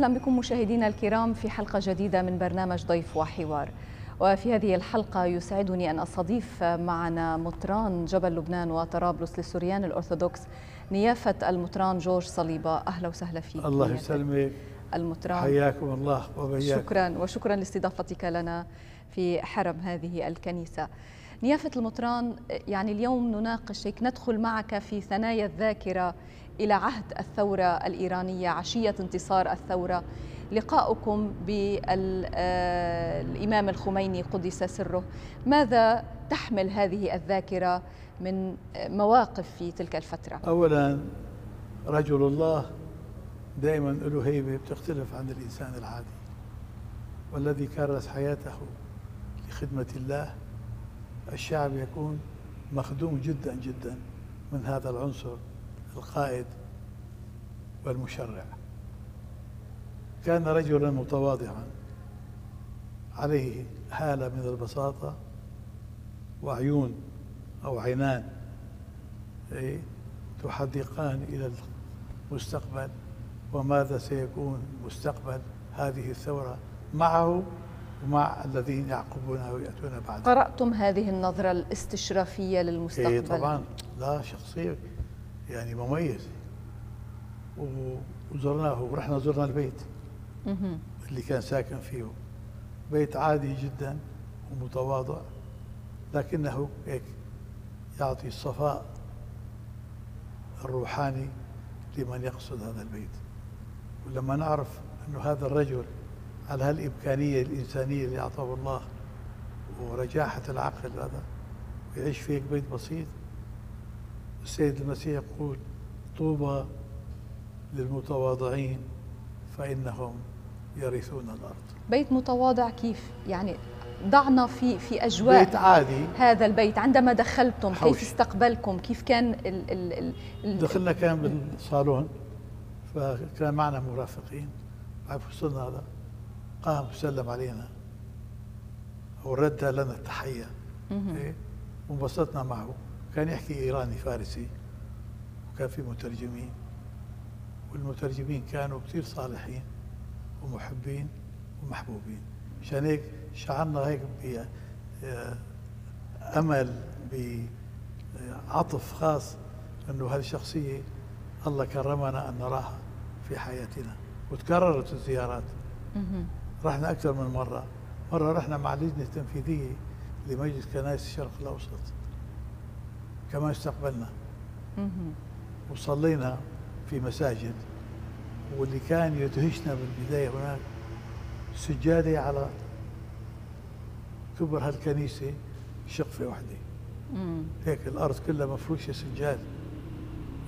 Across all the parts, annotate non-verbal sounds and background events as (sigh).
أهلا بكم مشاهدينا الكرام في حلقة جديدة من برنامج ضيف وحوار وفي هذه الحلقة يسعدني أن أستضيف معنا مطران جبل لبنان وطرابلس للسوريان الأرثوذكس نيافة المطران جورج صليبة أهلا وسهلا فيك الله يسلمك المطران حياكم الله وبياكم شكرا وشكرا لاستضافتك لنا في حرم هذه الكنيسة نيافة المطران يعني اليوم نناقشك ندخل معك في ثنايا الذاكرة إلى عهد الثورة الإيرانية عشية انتصار الثورة لقاؤكم بالإمام آه، الخميني قدس سره ماذا تحمل هذه الذاكرة من مواقف في تلك الفترة أولا رجل الله دائما له هيبة بتختلف عن الإنسان العادي والذي كرس حياته لخدمة الله الشعب يكون مخدوم جدا جدا من هذا العنصر القائد والمشرع كان رجلا متواضعا عليه حاله من البساطة وعيون أو عينان تحدقان إلى المستقبل وماذا سيكون مستقبل هذه الثورة معه ومع الذين يعقبونها ويأتون بعده قرأتم هذه النظرة الاستشرافية للمستقبل؟ إيه طبعا لا شخصية يعني مميز وزرناه ورحنا زرنا البيت اللي كان ساكن فيه بيت عادي جدا ومتواضع لكنه هيك يعطي الصفاء الروحاني لمن يقصد هذا البيت ولما نعرف أنه هذا الرجل على هالإمكانية الإنسانية اللي أعطاه الله ورجاحة العقل هذا ويعيش في بيت بسيط السيد المسيح يقول طوبى للمتواضعين فإنهم يرثون الأرض بيت متواضع كيف؟ يعني ضعنا في في اجواء بيت عادي هذا البيت عندما دخلتم حوش. كيف استقبلكم كيف كان ال ال ال دخلنا كان بالصالون فكان معنا مرافقين بعد وصلنا قام وسلم علينا وردها لنا التحيه إيه؟ وانبسطنا معه كان يحكي إيراني فارسي وكان في مترجمين والمترجمين كانوا كثير صالحين ومحبين ومحبوبين مشان هيك شعرنا هيك بأمل آه، بعطف آه، خاص أنه هالشخصية الله كرمنا أن نراها في حياتنا وتكررت الزيارات رحنا أكثر من مرة مرة رحنا مع اللجنة التنفيذية لمجلس كنائس الشرق الأوسط كما استقبلنا وصلينا في مساجد واللي كان يدهشنا بالبداية هناك سجادة على كبر هالكنيسة شقفة واحدة هيك الأرض كلها مفروشة سجاد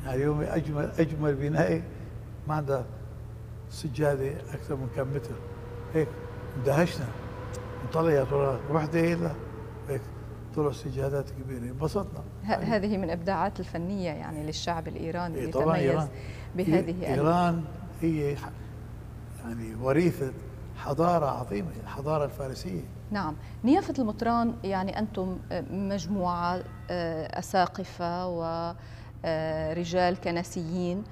يعني اليوم أجمل أجمل بناية ما عندها سجادة أكثر من كم متر هيك اندهشنا نطلع يا ترى وحدة إيه طلع استجهادات كبيره انبسطنا يعني هذه من ابداعات الفنيه يعني للشعب الايراني إيه طبعا تميز إيران بهذه ايران هي يعني وريثه حضاره عظيمه الحضاره الفارسيه نعم نيافه المطران يعني انتم آه، مجموعه آه، اساقفه ورجال آه، كنسيين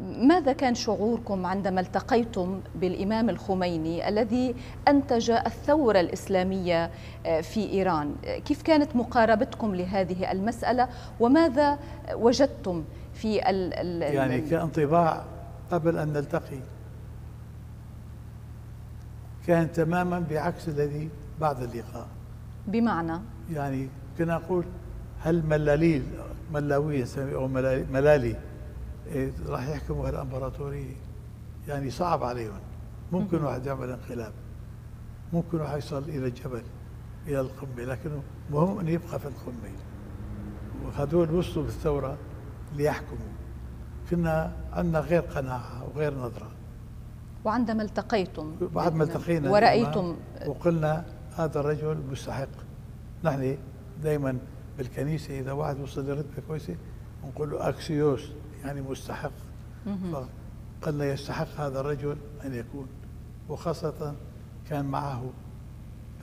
ماذا كان شعوركم عندما التقيتم بالإمام الخميني الذي أنتج الثورة الإسلامية أه، في إيران كيف كانت مقاربتكم لهذه المسألة وماذا وجدتم في ال يعني كانطباع قبل أن نلتقي كان تماما بعكس الذي بعد اللقاء بمعنى يعني كنا نقول هل ملاليل ملاوية أو ملالي إيه، راح يحكموا الامبراطوريه يعني صعب عليهم ممكن واحد يعمل انقلاب ممكن واحد يصل الى الجبل الى القمه لكنه مهم انه يبقى في القمه وهذول وصلوا بالثوره ليحكموا كنا عندنا غير قناعه وغير نظره وعندما التقيتم بعد ما التقينا ورأيتم وقلنا هذا الرجل مستحق نحن دائما بالكنيسه اذا واحد وصل لرتبه كويسه نقول له اكسيوس يعني مستحق قد لا يستحق هذا الرجل أن يكون وخاصة كان معه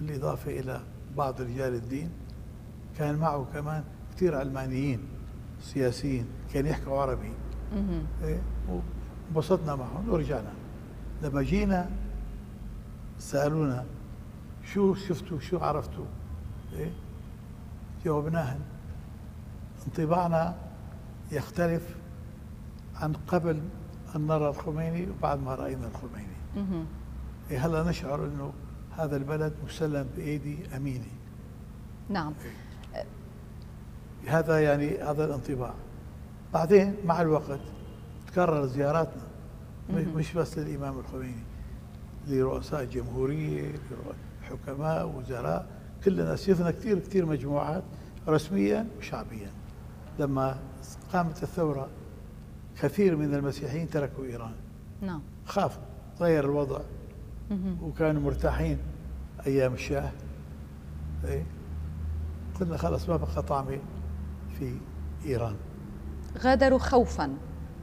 بالإضافة إلى بعض رجال الدين كان معه كمان كثير علمانيين سياسيين كان يحكوا عربي إيه؟ وانبسطنا معهم ورجعنا لما جينا سألونا شو شفتوا شو عرفتوا إيه؟ جاوبناهم انطباعنا يختلف عن قبل أن نرى الخميني وبعد ما رأينا الخميني إيه، هلا نشعر أنه هذا البلد مسلم بأيدي أمينة نعم إيه. هذا يعني هذا الانطباع بعدين مع الوقت تكرر زياراتنا مش بس للإمام الخميني لرؤساء الجمهورية حكماء وزراء كلنا سيرنا كثير كثير مجموعات رسميا وشعبيا لما قامت الثورة كثير من المسيحيين تركوا إيران نعم خافوا تغير الوضع وكانوا مرتاحين أيام الشاه إيه؟ قلنا خلاص ما بقى طعمي في إيران غادروا خوفا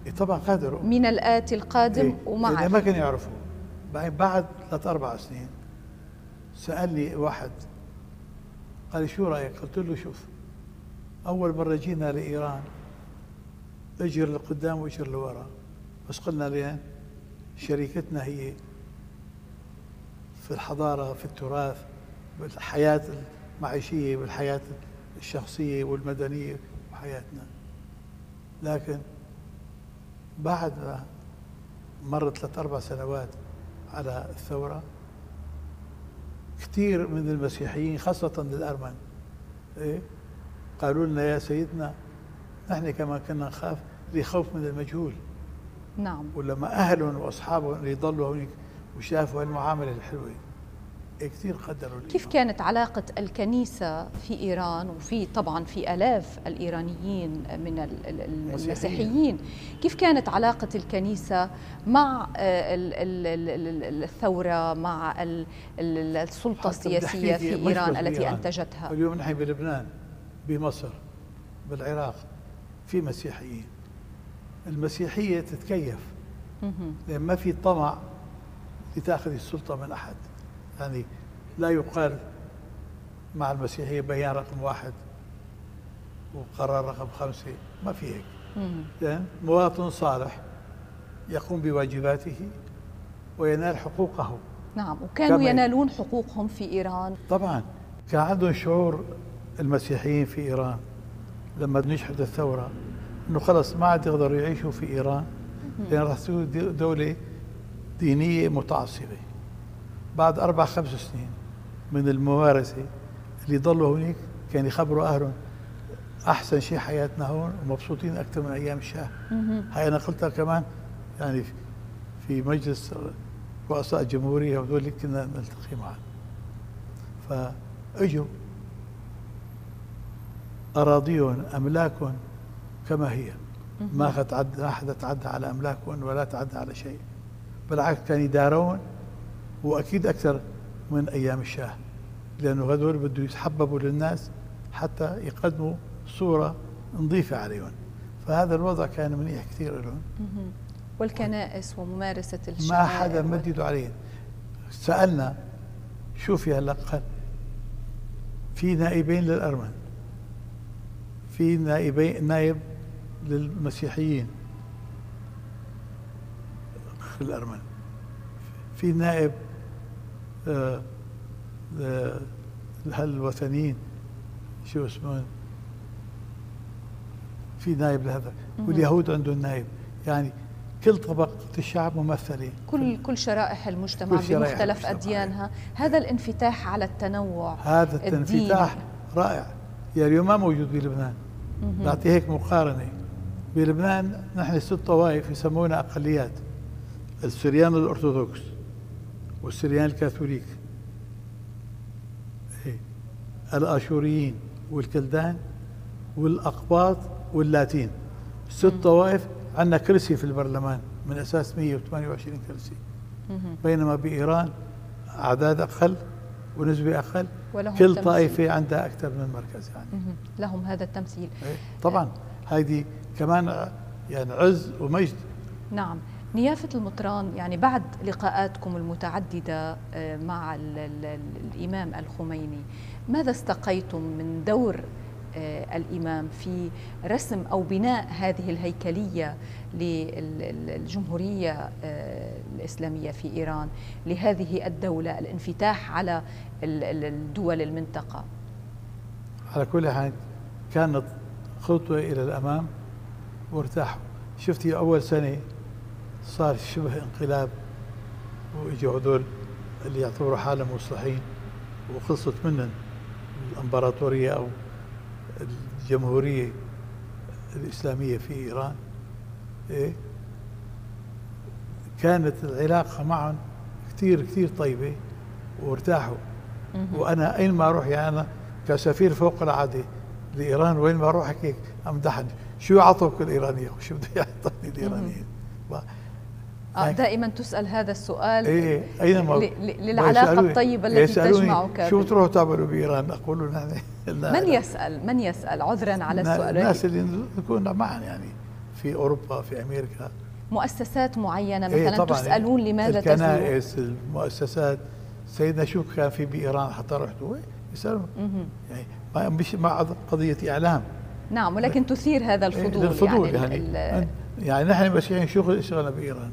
إيه طبعا غادروا من الآتي القادم إيه؟ ومع ما كانوا يعرفوا بعدين بعد ثلاث أربع سنين سألني واحد قال لي شو رأيك؟ قلت له شوف أول مرة جينا لإيران اجر لقدام واجر لورا بس قلنا لين شريكتنا هي في الحضارة في التراث بالحياة المعيشية بالحياة الشخصية والمدنية وحياتنا لكن بعد ما مرت ثلاث أربع سنوات على الثورة كثير من المسيحيين خاصة الأرمن إيه؟ قالوا لنا يا سيدنا نحن كما كنا نخاف لخوف من المجهول نعم ولما أهلهم وأصحابهم اللي ضلوا هونيك وشافوا هالمعاملة الحلوة إيه كثير قدروا كيف كانت علاقة الكنيسة في إيران وفي طبعا في ألاف الإيرانيين من المسيحيين كيف كانت علاقة الكنيسة مع آه، الثورة مع السلطة السياسية في إيران التي أنتجتها اليوم نحن بلبنان بمصر بالعراق في مسيحيين المسيحية تتكيف لأن ما في طمع لتأخذ السلطة من أحد يعني لا يقال مع المسيحية بيان رقم واحد وقرار رقم خمسة ما في هيك لأن مواطن صالح يقوم بواجباته وينال حقوقه نعم وكانوا ينالون حقوقهم في إيران طبعا كان عندهم شعور المسيحيين في إيران لما نجحت الثوره انه خلص ما عاد يقدروا يعيشوا في ايران لان راح تصير دوله دينيه متعصبه بعد اربع خمس سنين من الممارسه اللي ضلوا هناك كان يخبروا اهلهم احسن شيء حياتنا هون ومبسوطين اكثر من ايام الشاه هاي انا قلتها كمان يعني في مجلس رؤساء الجمهوريه هذول كنا نلتقي معهم فاجوا أراضيهم أملاكهم كما هي ما تعد أحد تعدى على أملاكهم ولا تعدى على شيء بالعكس كان يدارون وأكيد أكثر من أيام الشاه لأنه هذول بده يتحببوا للناس حتى يقدموا صورة نظيفة عليهم فهذا الوضع كان منيح كثير لهم والكنائس وممارسة الشعائر ما حدا مدد عليهم سألنا شوفي هلا في نائبين للأرمن في نائبي نائب للمسيحيين في الأرمن في نائب آه, آه، الوثنيين شو اسمه في نائب لهذا واليهود عندهم نائب يعني كل طبقة الشعب ممثلة كل كل شرائح المجتمع كل شرائح بمختلف المجتمع أديانها هذا الانفتاح على التنوع هذا الانفتاح رائع يعني اليوم ما موجود بلبنان بعطي هيك مقارنة بلبنان نحن ست طوائف يسمونا أقليات السريان الأرثوذكس والسريان الكاثوليك إيه. الآشوريين والكلدان والأقباط واللاتين ست طوائف عندنا كرسي في البرلمان من أساس 128 كرسي بينما بإيران أعداد أقل ونسبة أقل كل تمثيل. طائفة عندها أكثر من مركز يعني لهم هذا التمثيل إيه، طبعا هذه كمان يعني عز ومجد نعم نيافة المطران يعني بعد لقاءاتكم المتعددة آه، مع الـ الـ الإمام الخميني ماذا استقيتم من دور آه، الإمام في رسم أو بناء هذه الهيكلية للجمهورية آه، الإسلامية في إيران لهذه الدولة الانفتاح على الدول المنطقة على كل حال كانت خطوة إلى الأمام وارتاحوا شفتي أول سنة صار شبه انقلاب وإجوا هدول اللي يعتبروا حالهم مصلحين وخلصت منهم الامبراطوريه او الجمهوريه الاسلاميه في ايران ايه كانت العلاقة معهم كثير كثير طيبة وارتاحوا وأنا أين ما أروح يعني أنا كسفير فوق العادة لإيران وين ما أروح هيك أمدحني شو (laughs) أعطوك الإيرانية وشو بده يعطيني الإيرانية دائما تسأل هذا السؤال إيه, إيه. أينما للعلاقة الطيبة التي تجمعك شو تروح تعملوا بإيران أقول نحن (laughs) من يسأل من يسأل عذرا على السؤال الناس اللي نكون معهم يعني في أوروبا في أمريكا مؤسسات معينه إيه، مثلا إيه طبعاً تسالون لماذا الكنائس تزور؟ المؤسسات سيدنا شو كان في بايران حتى رحت يسالون يعني مش مع قضيه اعلام نعم ولكن إيه، تثير هذا الفضول يعني الفضول يعني يعني, يعني, يعني نحن المسيحيين شغل اشتغلنا بايران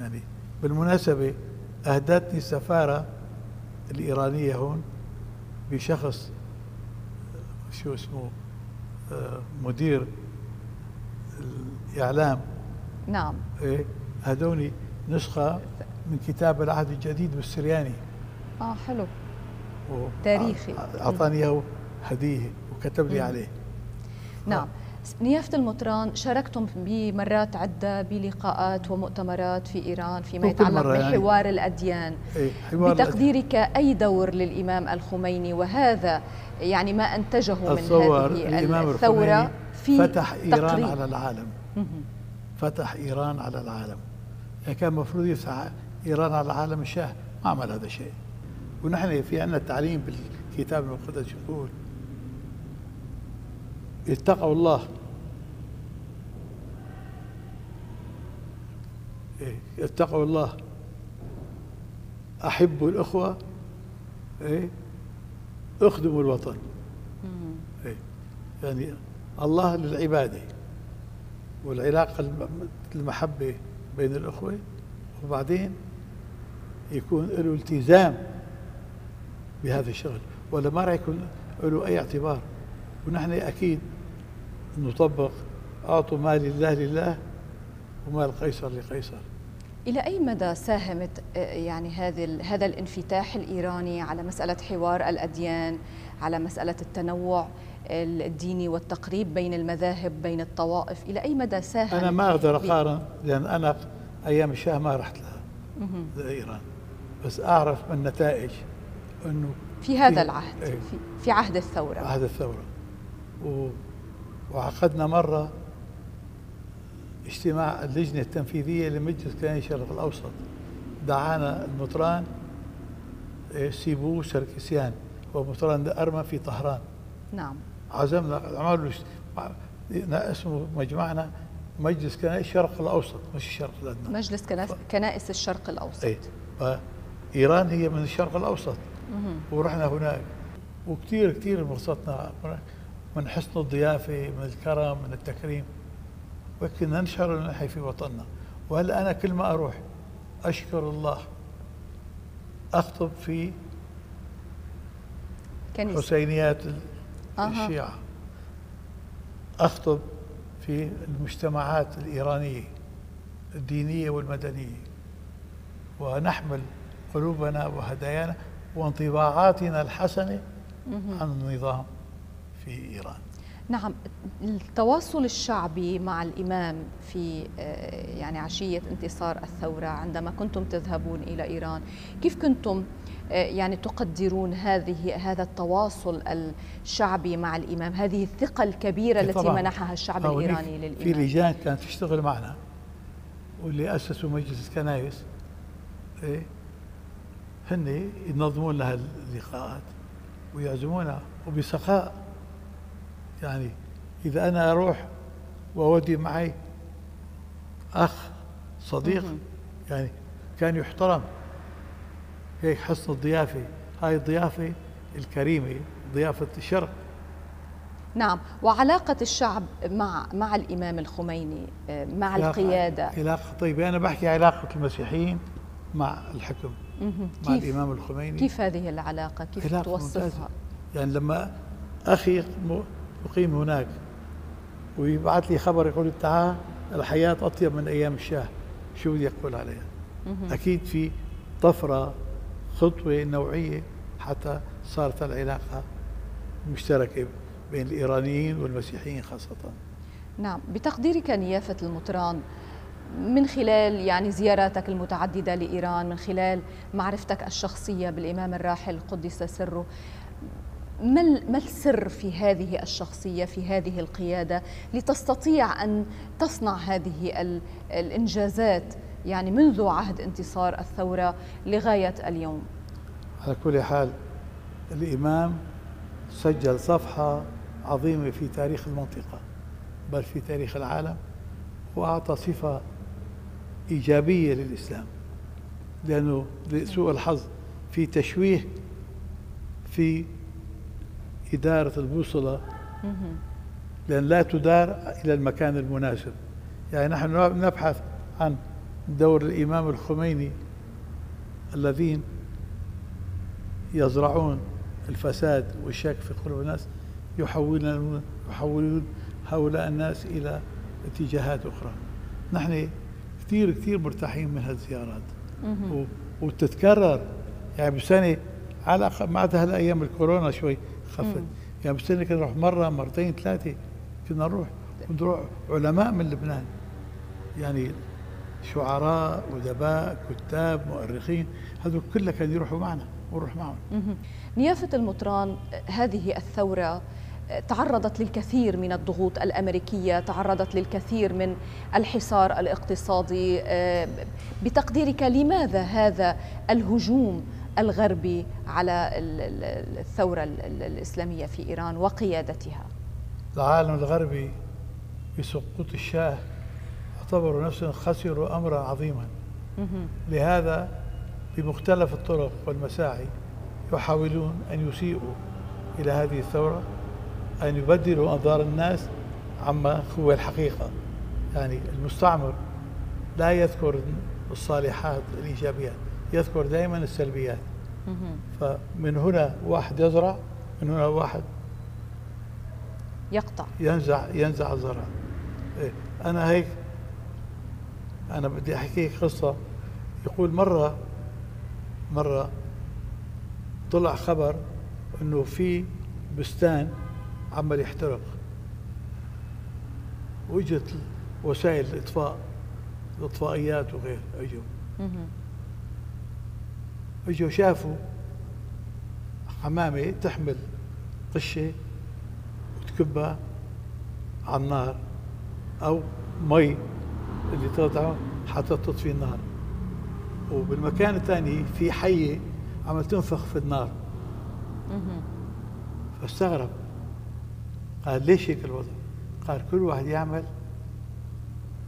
يعني بالمناسبه اهدتني السفاره الايرانيه هون بشخص شو اسمه آه، مدير الاعلام نعم إيه هذوني نسخة من كتاب العهد الجديد بالسرياني اه حلو تاريخي أعطاني إياه هدية وكتب لي عليه نعم نيافة المطران شاركتم بمرات عدة بلقاءات ومؤتمرات في إيران فيما يتعلق يعني. بحوار يعني. الأديان إيه حوار بتقديرك الأديان. أي دور للإمام الخميني وهذا يعني ما أنتجه من هذه الثورة في فتح إيران تقريب. على العالم فتح إيران على العالم كان المفروض يفتح إيران على العالم الشاه ما عمل هذا الشيء ونحن في عندنا التعليم بالكتاب المقدس يقول اتقوا الله إيه، اتقوا الله أحبوا الأخوة إيه اخدموا الوطن إيه يعني الله للعباده والعلاقة المحبة بين الأخوة وبعدين يكون له التزام بهذا الشغل ولا ما راح يكون له أي اعتبار ونحن أكيد نطبق أعطوا ما لله لله ومال قيصر لقيصر إلى أي مدى ساهمت آه، يعني هذه هذا الانفتاح الإيراني على مسألة حوار الأديان على مسألة التنوع الديني والتقريب بين المذاهب بين الطوائف إلى أي مدى ساهم أنا ما أقدر أقارن لأن أنا أيام الشاه ما رحت لها لإيران بس أعرف من نتائج أنه في هذا العهد إيه. في, في عهد الثورة عهد الثورة وعقدنا مرة اجتماع اللجنة التنفيذية لمجلس كيان الشرق الأوسط دعانا المطران إيه، سيبو سركسيان ومطران أرمن في طهران نعم عزمنا عملوا اسمه مجمعنا مجلس كنائس الشرق الأوسط مش الشرق الأدنى مجلس كنائس, ف... كنائس الشرق الأوسط اي إيران هي من الشرق الأوسط مه. ورحنا هناك وكثير كثير انبسطنا من حسن الضيافة من الكرم من التكريم ولكن ننشر ونحيي في وطننا وهل أنا كل ما أروح أشكر الله أخطب في كنيسة. حسينيات الشيعة أخطب في المجتمعات الإيرانية الدينية والمدنية ونحمل قلوبنا وهدايانا وانطباعاتنا الحسنة عن النظام في إيران نعم التواصل الشعبي مع الإمام في آه، يعني عشية انتصار الثورة عندما كنتم تذهبون إلى إيران كيف كنتم آه، يعني تقدرون هذه هذا التواصل الشعبي مع الإمام هذه الثقة الكبيرة إيه، التي منحها الشعب الإيراني للإمام في لجان كانت تشتغل معنا واللي أسسوا مجلس الكنائس إيه هن ينظمون لها اللقاءات ويعزمونا وبسخاء يعني إذا أنا أروح وأودي معي أخ صديق يعني كان يحترم هيك حسن الضيافة هاي الضيافة الكريمة ضيافة الشرق نعم وعلاقة الشعب مع مع الإمام الخميني آه، مع علاقة القيادة علاقة طيبة أنا بحكي علاقة المسيحيين مع الحكم مع كيف الإمام الخميني كيف هذه العلاقة كيف توصفها يعني لما أخي يقيم هناك ويبعث لي خبر يقول تعال الحياة أطيب من أيام الشاه شو بدي أقول عليها أكيد في طفرة خطوة نوعية حتى صارت العلاقة مشتركة بين الإيرانيين والمسيحيين خاصة نعم بتقديرك نيافة المطران من خلال يعني زياراتك المتعددة لإيران من خلال معرفتك الشخصية بالإمام الراحل قدس سره ما ما السر في هذه الشخصيه في هذه القياده لتستطيع ان تصنع هذه الانجازات يعني منذ عهد انتصار الثوره لغايه اليوم على كل حال الامام سجل صفحه عظيمه في تاريخ المنطقه بل في تاريخ العالم واعطى صفه ايجابيه للاسلام لانه لسوء الحظ في تشويه في إدارة البوصلة لأن لا تدار إلى المكان المناسب يعني نحن نبحث عن دور الإمام الخميني الذين يزرعون الفساد والشك في قلوب الناس يحولون يحولون هؤلاء الناس إلى اتجاهات أخرى نحن كثير كثير مرتاحين من هالزيارات وتتكرر يعني بسنة على معناتها هالأيام الكورونا شوي خفت يعني بصير كنا نروح مره مرتين ثلاثه كنا نروح ونروح علماء من لبنان يعني شعراء ادباء كتاب مؤرخين هذول كلها كانوا يروحوا معنا ونروح معهم نيافه المطران هذه الثوره تعرضت للكثير من الضغوط الامريكيه، تعرضت للكثير من الحصار الاقتصادي، آه، بتقديرك لماذا هذا الهجوم الغربي على الثورة الإسلامية في إيران وقيادتها العالم الغربي بسقوط الشاه اعتبروا نفسهم خسروا أمرا عظيما لهذا بمختلف الطرق والمساعي يحاولون أن يسيئوا إلى هذه الثورة أن يبدلوا أنظار الناس عما هو الحقيقة يعني المستعمر لا يذكر الصالحات الإيجابيات يذكر دائما السلبيات فمن هنا واحد يزرع من هنا واحد يقطع ينزع ينزع الزرع إيه، انا هيك انا بدي احكي قصه يقول مره مره طلع خبر انه في بستان عمال يحترق واجت وسائل الاطفاء الاطفائيات وغير اجوا اجوا شافوا حمامه تحمل قشه وتكبها على النار او مي اللي تقطعه حتى تطفي النار وبالمكان الثاني في حيه عم تنفخ في النار فاستغرب قال ليش هيك الوضع؟ قال كل واحد يعمل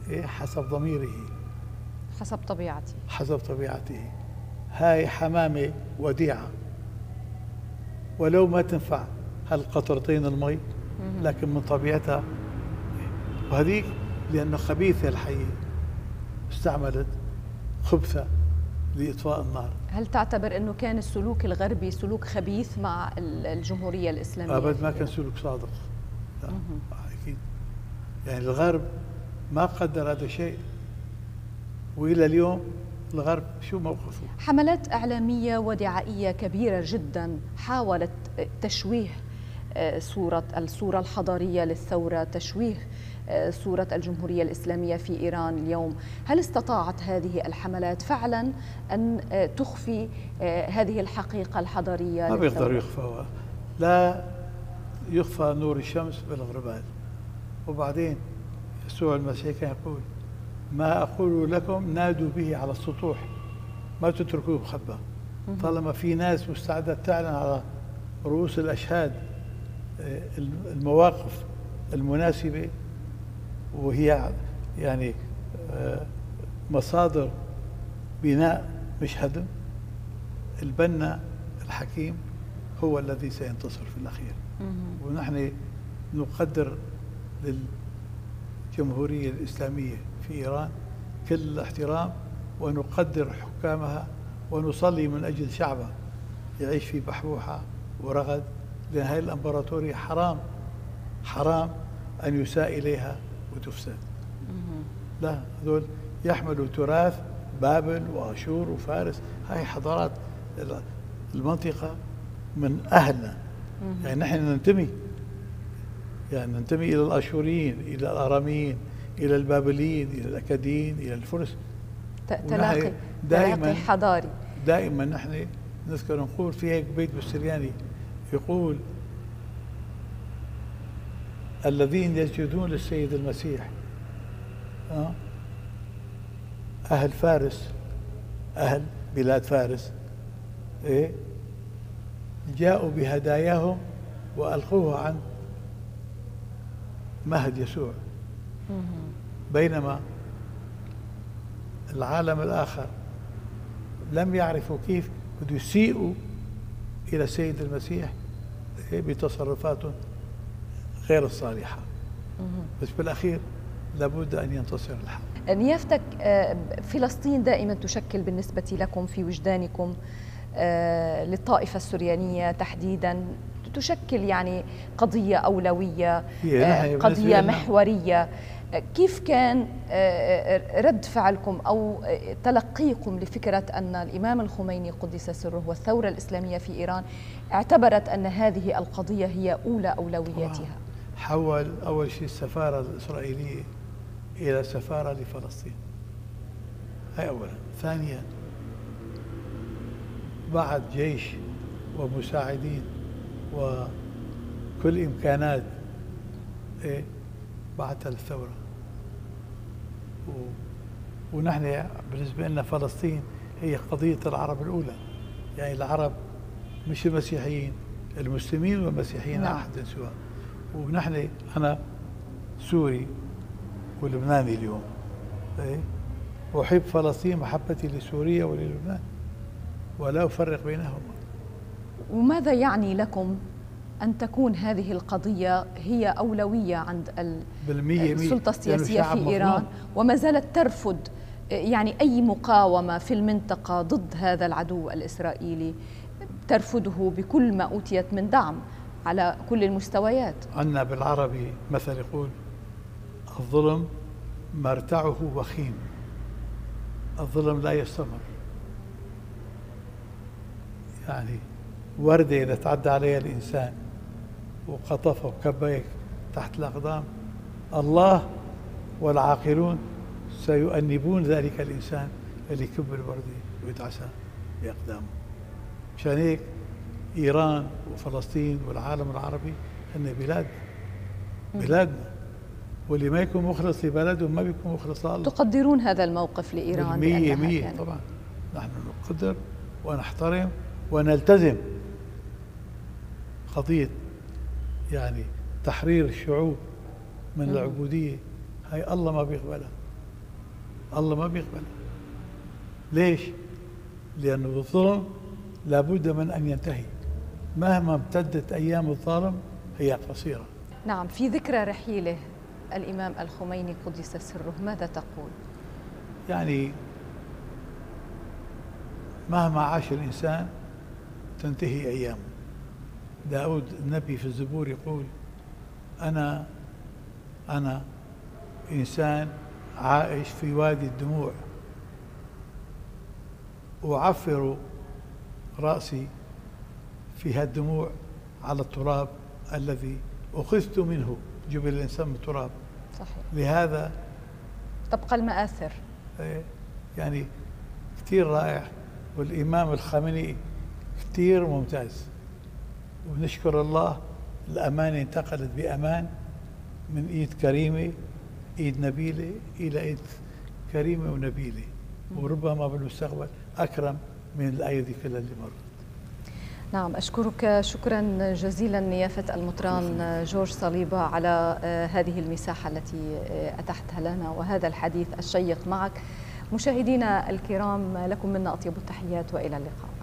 إيه حسب ضميره حسب طبيعته حسب طبيعته هاي حمامة وديعة ولو ما تنفع هالقطرتين المي لكن من طبيعتها وهذيك لأنه خبيثة الحية استعملت خبثة لإطفاء النار هل تعتبر أنه كان السلوك الغربي سلوك خبيث مع الجمهورية الإسلامية؟ أبد ما كان سلوك صادق لا. أكيد يعني الغرب ما قدر هذا الشيء وإلى اليوم الغرب شو موقفه؟ حملات إعلامية ودعائية كبيرة جدا حاولت تشويه آه، صورة الصورة الحضارية للثورة تشويه آه، صورة الجمهورية الإسلامية في إيران اليوم هل استطاعت هذه الحملات فعلا أن آه، تخفي هذه الحقيقة الحضارية ما بيقدروا يخفوها لا يخفى نور الشمس بالغربال وبعدين يسوع المسيح كان يقول ما أقول لكم نادوا به على السطوح ما تتركوه مخبى طالما في ناس مستعدة تعلن على رؤوس الأشهاد المواقف المناسبة وهي يعني آه، مصادر بناء مش هدم البنا الحكيم هو الذي سينتصر في الأخير ونحن نقدر للجمهورية الإسلامية في إيران كل الاحترام ونقدر حكامها ونصلي من أجل شعبه يعيش في بحبوحة ورغد لأن هذه الإمبراطورية حرام حرام أن يساء إليها وتفسد لا هذول يحملوا تراث بابل واشور وفارس هاي حضارات المنطقه من اهلنا يعني نحن ننتمي يعني ننتمي الى الاشوريين الى الاراميين إلى البابليين إلى الأكاديين إلى الفرس تلاقي دائما حضاري دائما نحن نذكر نقول في هيك بيت بالسرياني يقول الذين يسجدون للسيد المسيح آه، أهل فارس أهل بلاد فارس إيه جاءوا بهداياهم وألقوها عن مهد يسوع بينما العالم الآخر لم يعرفوا كيف بده يسيئوا إلى سيد المسيح بتصرفات غير الصالحة بس بالأخير لابد أن ينتصر الحق نيافتك آه، فلسطين دائما تشكل بالنسبة لكم في وجدانكم آه، للطائفة السوريانية تحديدا تشكل يعني قضية أولوية آه، قضية نعم. محورية كيف كان آه، آه، رد فعلكم أو آه، تلقيكم لفكرة أن الإمام الخميني قدس سره والثورة الإسلامية في إيران اعتبرت أن هذه القضية هي أولى أولوياتها حول أول شيء السفارة الإسرائيلية إلى سفارة لفلسطين هاي أولا ثانيا بعد جيش ومساعدين وكل إمكانات إيه بعد الثورة ونحن بالنسبة لنا فلسطين هي قضية العرب الأولى يعني العرب مش المسيحيين المسلمين والمسيحيين نعم. أحد سواء ونحن أنا سوري ولبناني اليوم إيه؟ أحب فلسطين محبتي لسوريا وللبنان ولا أفرق بينهما وماذا يعني لكم أن تكون هذه القضية هي أولوية عند السلطة السياسية في إيران وما زالت ترفض يعني أي مقاومة في المنطقة ضد هذا العدو الإسرائيلي ترفضه بكل ما أوتيت من دعم على كل المستويات عندنا بالعربي مثل يقول الظلم مرتعه وخيم الظلم لا يستمر يعني وردة إذا تعدى عليها الإنسان وقطفه وكبيك تحت الأقدام الله والعاقلون سيؤنبون ذلك الإنسان اللي يكب الوردة ويدعسها بأقدامه مشان هيك إيران وفلسطين والعالم العربي هن بلاد بلادنا واللي ما يكون مخلص لبلده ما بيكون مخلص لله تقدرون هذا الموقف لإيران مية مية يعني. طبعا نحن نقدر ونحترم ونلتزم قضية يعني تحرير الشعوب من العبودية هاي الله ما بيقبلها الله ما بيقبلها ليش؟ لأنه الظلم لابد من أن ينتهي مهما امتدت أيام الظالم هي قصيرة نعم في ذكرى رحيله الإمام الخميني قدس سره ماذا تقول؟ يعني مهما عاش الإنسان تنتهي أيامه داود النبي في الزبور يقول أنا أنا إنسان عائش في وادي الدموع أعفر رأسي في الدموع على التراب الذي أخذت منه جبل الإنسان من التراب صحيح لهذا تبقى المآثر إيه، يعني كثير رائع والإمام الخامنئي كثير ممتاز ونشكر الله الأمانة انتقلت بأمان من إيد كريمة إيد نبيلة إلى إيد كريمة ونبيلة وربما بالمستقبل أكرم من الأيدي اللي مرت نعم أشكرك شكرا جزيلا نيافة المطران جورج صليبة على آه، هذه المساحة التي آه، أتحتها لنا وهذا الحديث الشيق معك مشاهدينا الكرام لكم منا أطيب التحيات وإلى اللقاء